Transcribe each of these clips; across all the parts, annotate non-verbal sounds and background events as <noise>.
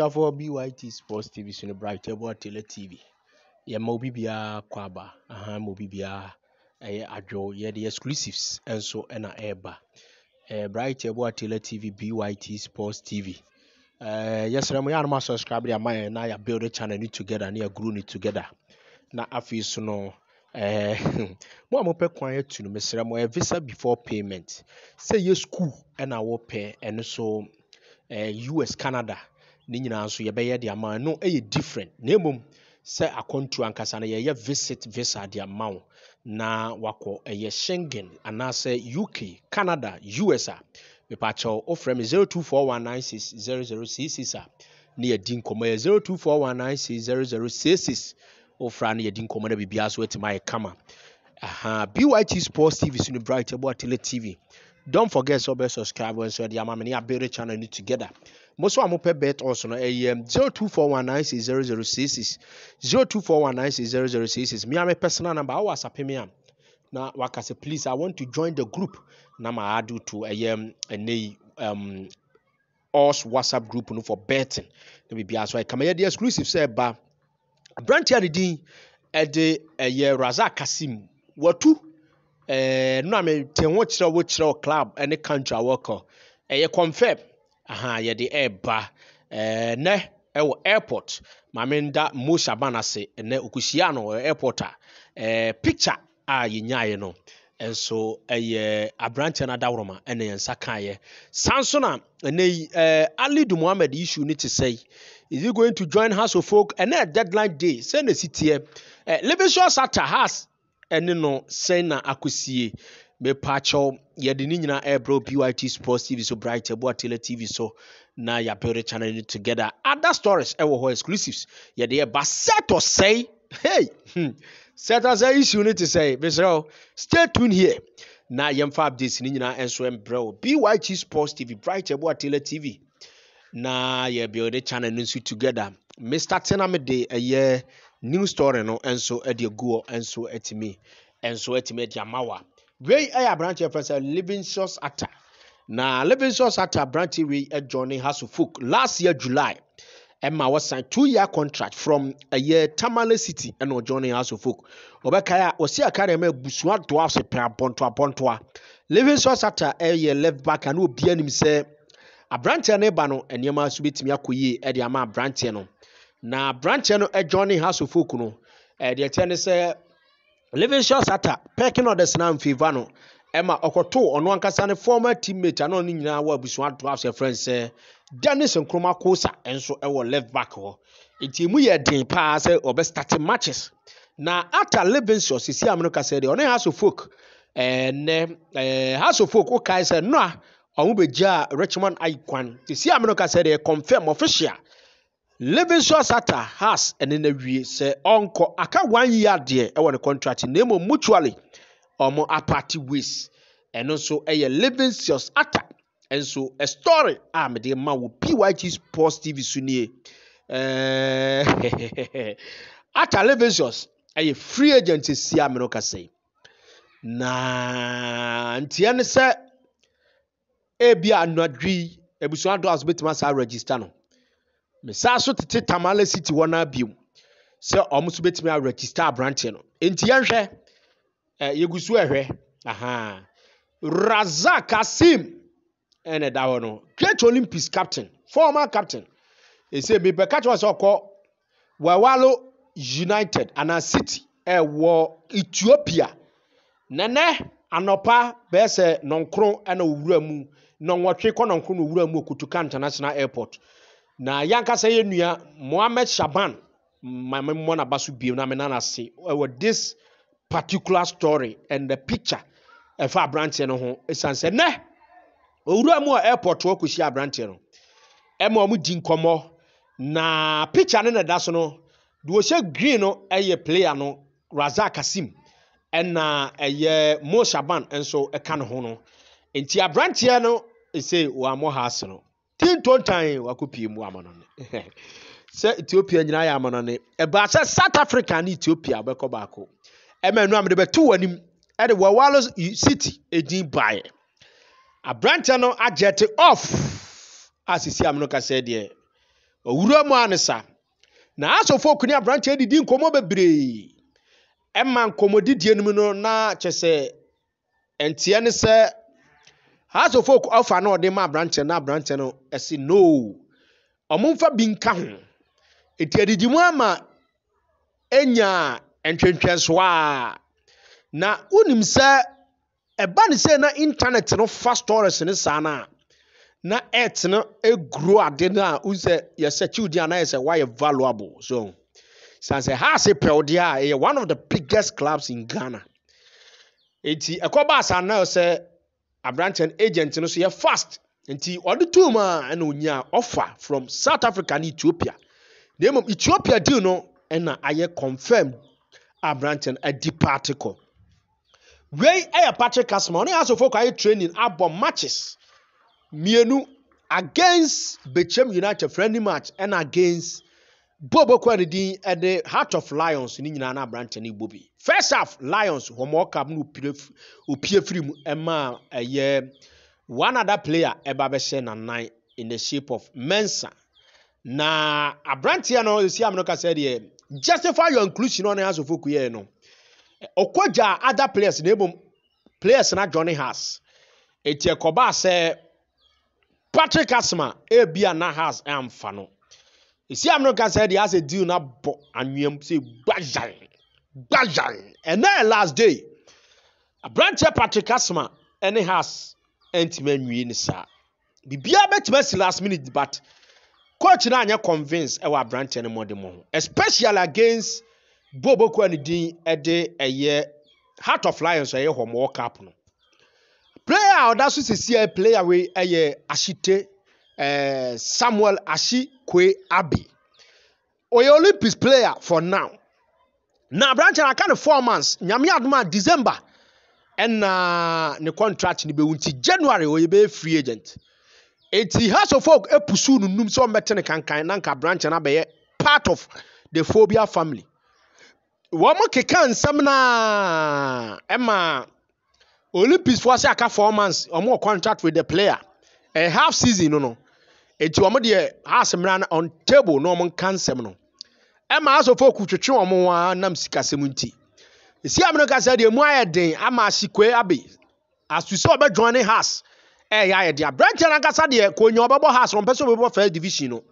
asuafoɔ BYT Sports TV so no Bright Eboa Tele TV yɛma obi biara kɔ aba aha ma obi biara ɛyɛ adwo yɛde exclusives nso ɛna ɛreba ɛɛ Bright Eboa Tele TV BYT Sports TV ɛɛ yɛsrɛ mo yɛanom asubscribe de ama yɛn na yɛabuild channel no together ne grow no together na afei so no ɛɛ <laughs> mo a mopɛ kwan atu no mesrɛ mo ɛyɛ visa before payment sɛ yɛ school ɛna wɔpɛ ɛno so ɛɛ US Canada ne nyinaa nso yɛbɛyɛ de ama no yɛ different na mmom sɛ akɔntu ankasa no yɛyɛ visit visa de ama wo na wakɔ ɛyɛ schengen anaasɛ uk canada us a wo wofrɛ me 0241960066 a ne yɛdi nkɔmmɔ yɛ 0241960066 wofra no yɛdi nkɔmmɔ no biribiara so atimi ayɛ kama aha byt sports tv so no bright ɛbɔ atele tv don't forget to subscribe and de the me ne abere channel no together Most of a mopɛ bet also. no ɛyɛ eh, um, 0241960066 0241960066 mea me personal number awɔ asape me a na waka sɛ please i want to join the group na ma ado to eh, um, and ɛnɛyi um, us whatsapp group no for betting Let na biribiaa so ɛkama yɛde exclusive sɛ ɛba aberanteɛ ne din ɛde ɛyɛ razak kasim What two? ɛɛ nna mi te ho kyerɛ wo kyerɛ club ɛne country a wɔkɔ ɛyɛ confirm aha yɛde ɛɛba ɛɛ nɛ ɛwɔ airport maame nda musa ban ase eh, ɛnɛ okusia no ɛwɔ eh, airport a eh, ɛɛ picture a yɛnyaeɛ no nso ɛyɛ aberanteɛ no adaworoma ɛna yɛn nsa kaeɛ san so ah, na ɛnɛ yi ɛɛ alidu muhammed issue ne te sɛ yi is he going to join house of folk ɛnɛ deadline day sɛ na esi teɛ ɛɛ livingstone sata house ne no sɛn na akɔsie mepaakyɛw yɛde ne nyinaa ɛrebrɛ wo byt sports tv so bright ɛboa tele tv so na yɛabɛwre channel no together other stories ɛwɔ hɔ exclusives yɛde yɛba sɛtɔ sɛe hey hmm. sɛtɔ sɛe issue no te sɛe mesrɛ stay tune here na yɛmfa updates no nyinaa nso mbrɛ wo byt sports tv bright ɛboa tele tv na yɛbɛwre channel no nso together mr tena mede ɛyɛ new story no nso de agu hɔ nso atumi nso atumi de ama wa wei yɛ aberanteɛ fɛ sɛ living source ata na living source ata aberanteɛ wei joining house of folk last year july ɛma wɔsan two year contract from ɛyɛ uh, tamale city ɛna ɔjoining house of folk ɔbɛkae a ɔsi aka na ɛma busua doa ɔsɛ pɛ abɔntoa abɔntoa living source ata ɛyɛ left back ana obiara nim sɛ aberanteɛ no ba no nneɛma nso bɛtumi akɔ yie ɛde ama aberanteɛ no. na abranteɛ no joining house of folk no eh, deɛ ɛteɛ ne sɛ livingston sata pekin of the snam favor no ɛma ɔkɔtoo ɔno ankasa ne former teammate ano ne nyinaa wɔ abusua ato house ɛfrɛ sɛ dennis nkroma kosa nso ɛwɔ left back hɔ nti mu yɛ den paa sɛ ɔbɛ ɔbɛstarte matches na ata livingston sisi amino kasa deɛ ɔne house of folk ɛnɛ eh, ɛɛ eh, house of folk okae sɛ noa ɔmo bɛgyaa richmond aikwan sisi amino kasa deɛ confirm official. livingston Ata has ɛne na wie sɛ ɔnkɔ aka one year deɛ ɛwɔ ne contract na emu mutually ɔmo apart ways ɛno nso ɛyɛ livingston Ata, nso ɛstory a mede ma wɔ pyg sports tv so nie ɛɛɛ ata livingston ɛyɛ free agent si a mene kasa yi na nteɛ ne sɛ ebi anadwi ebusua dɔs betuma saa register no mesaa so tete tamale city wɔn abiem sɛ wɔn nso bɛtumi aregista aberanteɛ no nti yɛnhwɛ ɛɛ yɛgu so ɛhwɛ ahan razak kasim ɛna ɛda hɔ no great olympics captain former captain ese mi pɛ kakyɛ sɛ ɔkɔ wawalo united ana city ɛwɔ ethiopia nene, anɔpa bɛɛ sɛ nɔnkoro ɛna owura mu nɔnwɔtwe kɔ nɔnkoro na owura mu okutuka international airport. na ya nkasa yɛ nua mohammed shaban maame mmɔ n'aba so biem na mena n'ase ɛwɔ this particular story and the picture ɛfa aberanteɛ no ho esan sɛ nɛ owura mu a airport wɔ kɔsi aberanteɛ no ɛma wɔn di nkɔmɔ na picture no na ɛda so no deɛ ɔhyɛ green no ɛyɛ player no raza kasim ɛna ɛyɛ mo shaban nso ɛka ne ho no nti aberanteɛ no ɛsɛ wɔn amɔ ha ase no. tintontan wakɔpie mu amanɔne <laughs> sɛ ethiopia nyinaa yɛ amanɔne ɛbaa sɛ south africa ne ethiopia bɛkɔ baako ɛma nnua mede bɛtu wɔn anim ɛde wawalo city edin baeɛ aberanteɛ no agye te off a sisi amino kasa deɛ owura mu anisa na asofo okuni aberanteɛ didi nkɔmɔ bebree ɛma nkɔmɔ didie no mu no na kyɛ sɛ nteɛ ne sɛ ha of folk ɔfa na ɔde ma aberanteɛ na aberanteɛ no ɛsi no ɔmomfa bi nka ho eti adidi mu ama enya a na wonim sɛ ɛba ne sɛ na internet no fa stories ne saa na na na no eguro ade no a wosɛ yɛsɛ kyiwdi anaa yɛsɛ wayɛ valuable so san sɛ house pɛw deɛ a ɛyɛ one of the biggest clubs in ghana eti ɛkɔba asa na yɛ aberanteɛ no agent no so yɛ fast nti ɔde tum a ɛna onyaa offer from south africa ne ethiopia na mmom ethiopia deal no ɛna ayɛ confirmed aberanteɛ no adi party kɔ wei ɛyɛ patrick asoma ɔne asofo kɔ ayɛ training abɔ matches mmienu against becham united friendly match ɛna against bob okwa ne din de eh, heart of lions ne nyinaa ana aberante no bɔ bi first half lions wɔn ɔka mu no opie firi mu ɛma eh, ɛyɛ eh, one other player ɛba bɛhyɛ nan in the shape of mensa na aberanteɛ no esi amino kasa deɛ justify your inclusion ɔne asofo kuyɛ no ɔkɔgya other players na ebom players na johnny has eti ɛkɔba sɛ patrick asma ebi a na has ɛnfa no. esi amurika sɛ deɛ asɛ deal na bɔ anwea mu sɛ gbajan gbajan ɛnna yɛ last day aberanteɛ patrick asoma ɛne has ɛntumi anwie ne saa biribiara bɛtumi asi last minute but coach naa nyɛ convince ɛwɔ aberanteɛ no mu ho especially against Bobo bobokua ne din ɛde ɛyɛ heart of lions ɛyɛ hɔn wɔn cup no player a ɔda so sisi ɛyɛ player wei ɛyɛ ahyete uh, samuel ashikwe abi oyɛ olympics player for now na aberanteɛ no aka ne four months nyame adoma december ɛna ne contract no bɛwu nti january oyɛ bɛyɛ free agent eti house of folk epusu nunum sɛ ɔmbɛte ne kankan na nka aberanteɛ abɛyɛ part of the phobia family wɔn keka nsɛm naa ɛma olympics fo ase aka four months wɔn wɔ contract with the player ɛɛ half season no no. eti wɔn deɛ house mmira no on table na wɔn nka nsɛm no ɛma asofo okutwitwi wɔn ho a nam sikasɛm nti esi amuna kasa deɛ mu ayɛ den ama asikwe abe asusɛ ɔbɛdwan ne house ɛyɛ ayɛ deɛ aberanteɛ n'ankasa deɛ konya ɔbɛbɔ house no mpɛ sɛ ɔbɛbɔ first division no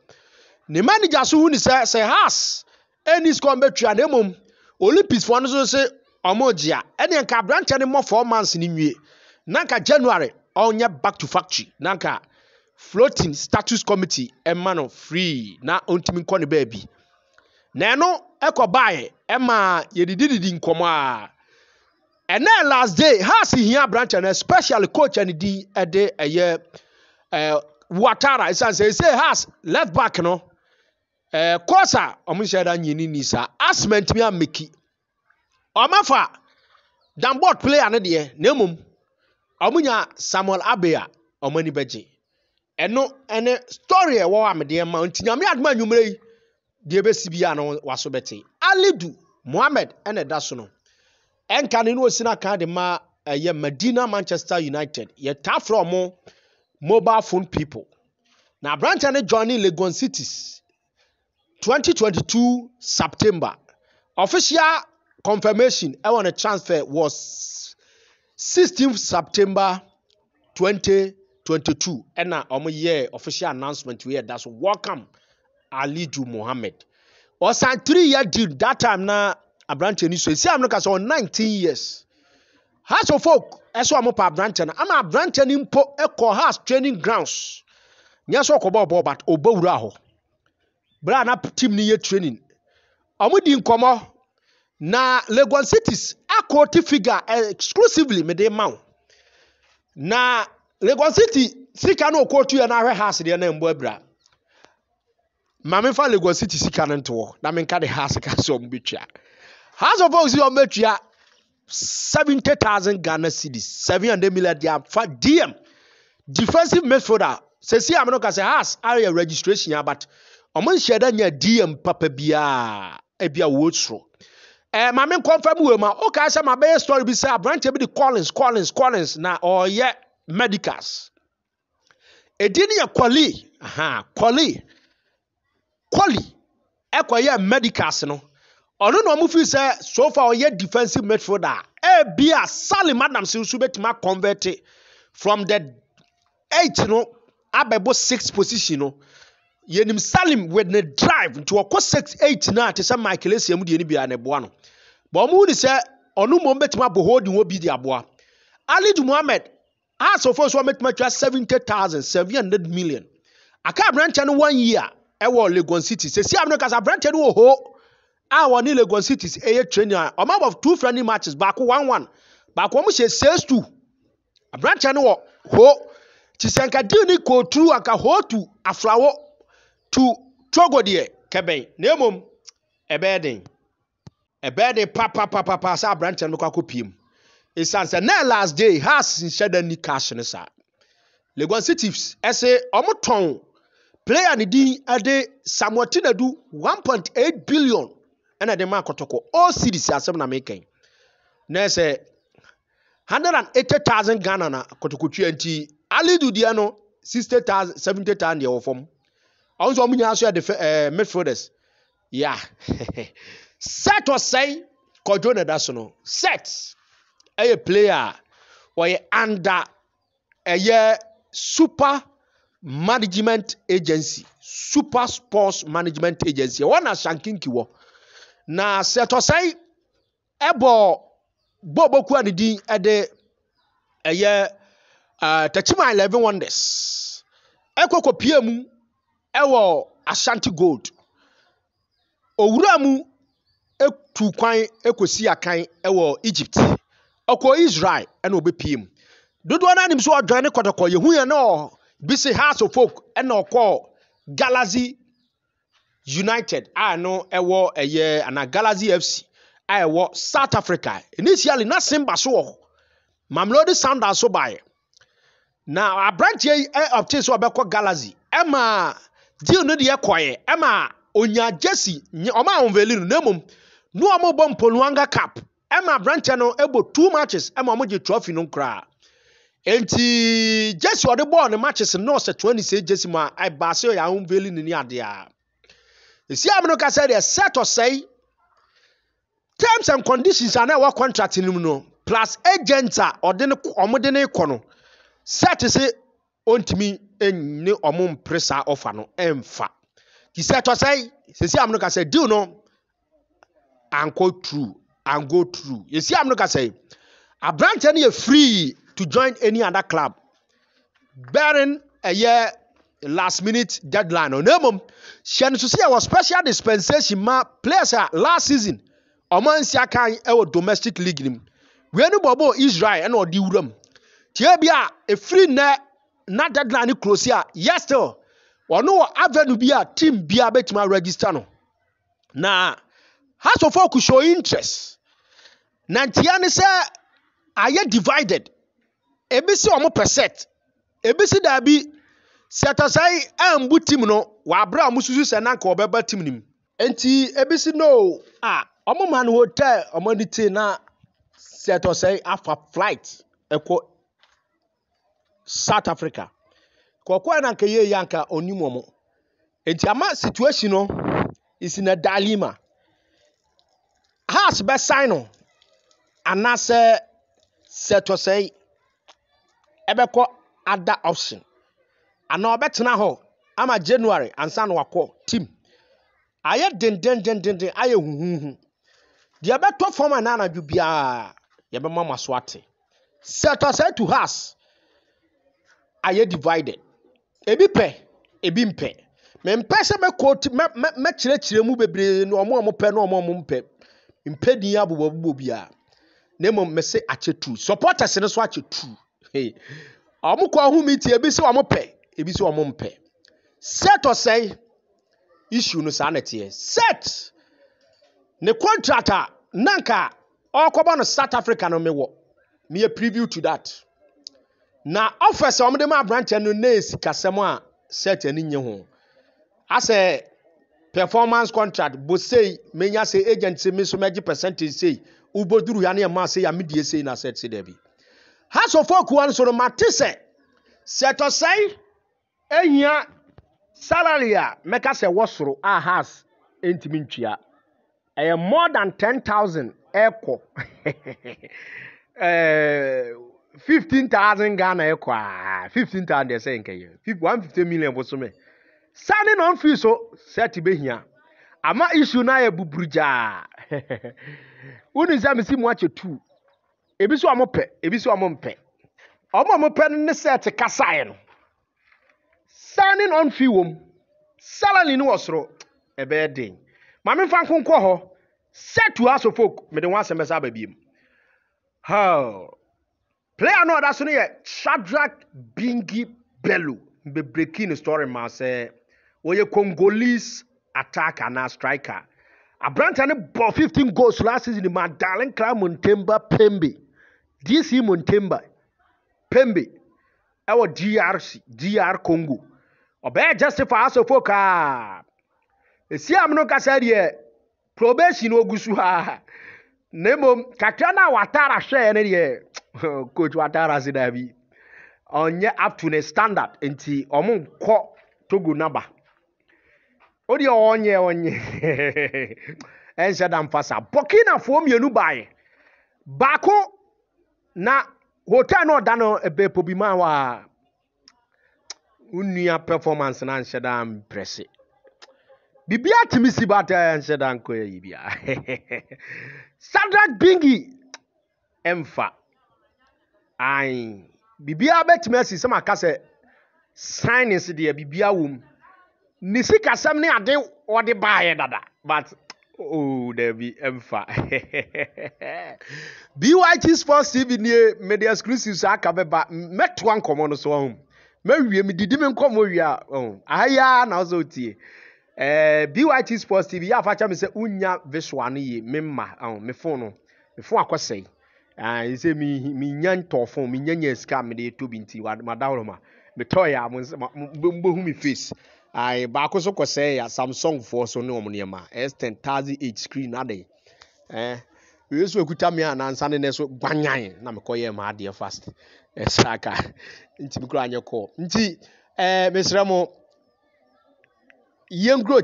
ne manager so hu ne sɛ sɛ house ɛni score mbɛtua na emom olympics foɔ no nso se ɔmo gyea ɛne nka aberanteɛ no mmɔ four months ne nwie na nka january ɔnyɛ back to factory na floating status committee ma no free na ɔntumi nkɔ ne baabi na ɛno kɔbaeɛ ɛma yɛdidididi nkɔmmɔ a ɛnɛ last day has hia aberantɛ no especially coach no din de ɛyɛ watara ɛsiane sɛ ɛsɛ haas left back no ɛɛ course a ɔmo nhyɛ da nyini ni saa asma ntumi ameki ɔmafa danbɔd player no deɛ na mmom ɔmo nya samuel abia a ani bɛgye ɛno ɛne story ɛwɔ e amedeɛ ma nti nyame adoma anwummerɛ yi deɛ bɛsi bi a no waso bɛte alidu mohammed ɛna ɛda so no ɛnka ne ne osi no aka de ma ɛyɛ eh, medina manchester united yɛtaa frɛ ɔmo mobile phone people na aberanteɛ no johnny legon cities 2022 september official confirmation ɛwɔ e ne transfer was 16 september 20 22 ɛna wɔyɛ official announcement wey ɛda so welcome aliju mohammed ɔsan three year deal that time na aberanteɛ no so esi amuna kasa on 19 years house of folk ɛsɛ wɔn pa aberanteɛ na ama aberanteɛ no mpo ɛkɔ house training grounds nyɛ sɛ ɔkɔ bɔɔl bɔɔl but ɔbɛ wura hɔ bere na team no yɛ training wɔn di nkɔmɔ na lagos cities akɔ figure eh, exclusively mede ma wo na lagos city sika no okootu yɛ n'ahwɛ haase deɛ na mbɔ abira maame fa lagos city sika no ntoɔ na menka de haase ka sɛ ɔmo betua haase of oaks ɔmo betua seventy thousand ghana cedis seven hundred million de afa dm defensive midfielder sisi amino kase haas ayɛ registration ya but ɔmo nhyɛ dɛ nyɛ dm papa biara ebi a wɔsoro ɛɛ e, maame nkɔmfam wɔ mu a ɔkaa sɛ ma bɛyɛ story bi sɛ aberanteɛ bi de collins collins collins na ɔyɛ. Oh, yeah medicals ɛdi no yɛ kɔli kɔli kɔli ɛkɔyɛ medicals no ɔno na ɔmo fi sɛ sofa ɔyɛ defensive midfielder ebia salim si nso betumi convert from the eight no abɛbɔ six position no yɛnim salim with ne drive nti ɔkɔ six eight na te sɛ michael esia mu deɛ ne bia ne boa no bɔn ɔmo wuli sɛ ɔno mo betumi abɔ holding wɔ bi de aboa alid muhammed asofo nso wɔmɛtumi atwa seventy thousand seven hundred million aka aberanteɛ no one year ɛwɔ Lagos city sɛ si abeno kasa aberanteɛ no wɔ hoo a wɔne Lagos city ɛyɛ training a ɔmo abɔ two friendly matches baako one one baako wɔn hyɛ six two aberanteɛ no wɔ hoo kyesɛnkadii ne kooturu anka hoo tu aflawo tu togo deɛ kɛbɛn na emom ɛbɛɛ den ɛbɛɛ den papapapa sɛ aberanteɛ no kɔ akɔ piem ɛsiane sɛ na last day has nhyɛ da ni cash no saa leguansi tips ɛsɛ ɔmo tɔn player ne din ɛde samuel tinadu one point eight billion ɛna ɛde maa kɔtɔkɔ all cities asɛm na meka yi na ɛsɛ hundred and eighty thousand ghana na kɔtɔkɔtua nti alidu deɛ no sixty thousand seventy thousand deɛ wɔ fam ɔmo nso ɔmo nyinaa so yɛ de fɛ ɛɛ eh, midfielders ya <laughs> set ɔsɛn kɔdwo na ɛda so no set. ɛyɛ player a ɔyɛ under ɛyɛ super management agency super sports management agency wɔn na shankinki wɔ na sɛtɔsɛn ɛbɔ bɔɔbɔku a ne din ɛde ɛyɛ ɛɛ eh, tɛkyima eleven wonders ɛkɔkɔ pie mu ɛwɔ ashanti gold owura mu etu kwan ekosi akan ɛwɔ egypt ɔkɔ israel ɛna ɔbɛpie mu dodoɔ n'im anim sɛ ne kɔtɔkɔ yɛhu yɛ na bi se house of folk ɛna ɔkɔ galazi united a no ɛwɔ ɛyɛ ana galazi fc a ɛwɔ south africa initially na simba so wɔ hɔ mamelodi sanders so baeɛ na aberanteɛ yi ɔpte sɛ ɔbɛkɔ galazi ɛma deal no deɛ kɔɛ ɛma onyaa jesse ɔma ahomveli na emu na wɔn bɔ mponuanga cap ɛma aberanteɛ no ɛbɔ two matches ɛma wɔn gye trophy no koraa nti jesse ɔde bɔɔl ne matches nɔɔse twenty six jesse mu a ɛbaase ɔyɛ ahom veli ne ni adeɛ esi amino kasa deɛ set ɔsɛe terms and conditions a na ɛwɔ contract no mu no plus agent a ɔde ne ɔmo de ne kɔ no set se ontumi ne ɔmo mpere saa ɔfa no ɛnfa ti set ɔsɛe sisi amino kasa deal no ankɔ true. and go through You see, I'm not gonna say. A no any free to join any other club bearing a year last minute deadline ɔna mmom hyɛ no see sɛ yɛwɔ special dispensation ma players last season ɔmo nsi akan ɛwɔ domestic league nim wei no bɔbɔ israel ɛna ɔde wura mu tie a free nnɛ na deadline close kurosi a yɛstil ɔno wɔ avenue bi a team bi a bɛtumi register no na house of folk show interest na ntia ne sɛ ayɛ divided ebi si wɔn percent ebi si daabi sɛtɔsɛn ɛnbu tim no w'abere a mususu sɛ nanka ɔbɛba tim nim nti ebi si no a wɔn ma no hotel wɔn ani te na sɛtɔsɛn afa flight ɛkɔ south africa kɔkɔɔ na nka yie yɛ nka onim wɔn nti ama situation no esi na dalima haas bɛ sign no. anaasɛ sɛ tɔsɛe ada option anaa ɔbɛtena hɔ ama january ansan wakọọ wakɔ team ayɛ dendendendenden ayɛ huhuhu deɛ ɛbɛtɔ fam biara yɛbɛma ma so ate sɛ to house ayɛ divided ebi pɛ ebi mpɛ mempɛ sɛ mɛkɔ ti mɛ mɛ mɛkyerɛkyerɛ mu bebree na ɔmo a ɔmo na ɔmo a ɔmo mpɛ mpɛ abobɔ na mmom mese akyɛ tu supporters no so akyɛ tu hey ɔmo kɔ ɔho mi ti ebi sɛ ɔmo pɛ ebi sɛ ɔmo mpɛ set ɔsɛn issue no saa na teɛ set ne contract a nanka ɔkɔbɔ no south africa no mi wɔ mi yɛ preview to that na ɔfɛs a ɔmo de ma aberanteɛ no na esi kasɛm a set ani nye ho asɛ performance contract bosei menya sɛ agent sɛ mi nso mɛgye percentage sei. wobɛduru ya na ɛma sɛ ya medie sei na sɛ se da bi hasofo akua so no mate sɛ seto tɔsɛe ɛhia salary a mɛka sɛ wɔ soro a has ɛntumi ntua ɛyɛ more than 10000 ɛkɔ 15000 ghana ɛkɔ a 15000 deɛ sɛ nkɛyɛ 150 million bosome saa ne nɔmfii so sɛ te ama issue na ayɛ buburu <laughs> wonu sɛ mesi mu akyɛ tu ebi so a mo pɛ ebi so a mpɛ ɔmo a pɛ no ne sɛɛte kasaeɛ no signing on fee wɔm salary no wɔ soro ɛbɛyɛ den maame fa nkonkɔ hɔ sɛtu asofo mede wɔn asɛm bɛsa aba biem hɛɛ player no ɔda so no yɛ shadrach bingi bello bebree kii ne story maa sɛ wɔyɛ congolese attacker anaa striker. aberante no bɔ 15 goals last season ma dalenkra montemba pembe dc montemba pembe ɛwɔ drc dr congo ɔbɛyɛ justifa asofo kaa esi amino kasa deɛ probation ogu so ha na mmom kakra no a watara hwɛɛ no deɛ <laughs> coach watara se daa bi ɔnyɛ up to ne standard nti ɔmo nkɔ togo naba wodi a ɔnyɛ ɔnyɛ ɛnhyɛ da mfa sa burkinafoɔ mmienu baeɛ baako na hotel no ɔda no bɛpo bi maa wa wo performance na anhyɛ da mprɛse biribia tumi si bat ɛnhyɛ da nkɔyɛ yi bia sadrak bingi ɛmfa ae biribia bɛtumi asi sɛ maka sɛ sign deɛ biribia wɔ ne sikasɛm ne ade wɔde baayɛ dada but oh dabi ɛmfa <laughs> byt sports tv nie mede exclusives aka bɛba mɛtoa nkɔmmɔ no so ɔhom mɛwie medidi me nkɔmmɔ wie a ɔhom ahayaa na ɔsɛ otie ɛɛ eh, byt sports tv yɛ afa kyɛ me sɛ wonya visual no yie me mma ɔhom me fon no me fon akɔsɛe ah, ɛsɛ menya ntɔɔfo menya nya sika mede ɛtɔ bi nti madawroma metɔɛ a mbɛhu me face ayi baako nso kɔsɛɛ a uh, samsung foɔ so ne wɔn uh, nneɛma s ten thousand eight screen ade ɛɛ wei nso ekuta mi a nansa ne ne gbanyan na mekɔ yɛ ma adeɛ fast ɛsra ka nti mi kura anyɛ nti ɛɛ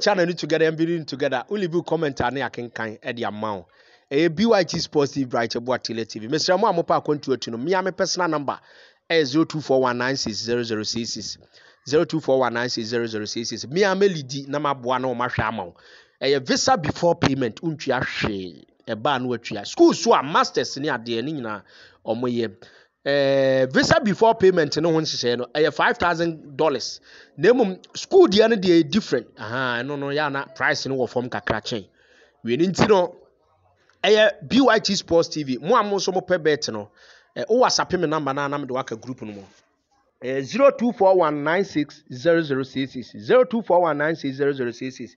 channel ni together yɛn building together ulibu comment a ne akenkan ɛde ama wo ɛyɛ byt sports tv bright ɛboa tele tv mesrɛ mo a mo pa akɔntu etu no mmea personal number ɛyɛ eh, zero two four zero two four one nine six zero zero six six mi a melidi na ma boa na wɔn ahwɛ ama wɔn ɛyɛ visa before payment ntua hwee ɛbaa no atua school so a masters ne adeɛ ne nyinaa wɔn yɛ visa before payment ne ho nhyehyɛɛ no ɛyɛ five thousand dollars na emu school deɛ no deɛ different ɛhan ɛno no yɛ ana price no wɔ fam kakra kyɛn wei ne nti no ɛyɛ byt sports tv mo a mo nso mo pɛ bet no ɛɛ wowɔ asapɛ mi namba na anam de waka group no mu. Eh, zero two four one nine six zero zero six six zero two four one nine six zero zero six six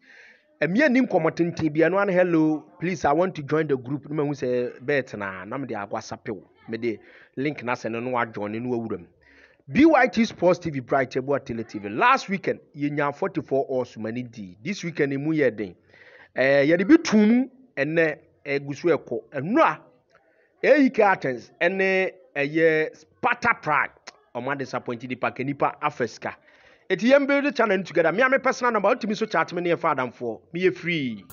ɛmi ɛni nkɔmɔ tenten bi ɛnu an hello please i want to join the group ɛmu sɛ bɛɛ tena nam de akɔ asapew mɛ de link na sɛ ne no adwɔn ne no awura mu byt sports tv bright ɛbu atele tv last weekend yɛ forty four hours mani di this weekend e mu yɛ den ɛɛ eh, yɛde bi tun mu ɛnɛ ɛgu eh, so ɛkɔ ɛnura ɛyi curtains ɛne ɛyɛ sparta pride ɔmo adisapɔnti nipa ka nipa afɛ sika eti yɛn bɛ de channel no together mi a mi personal number otumi so chat mi ne yɛ fa adamfoɔ mi yɛ free.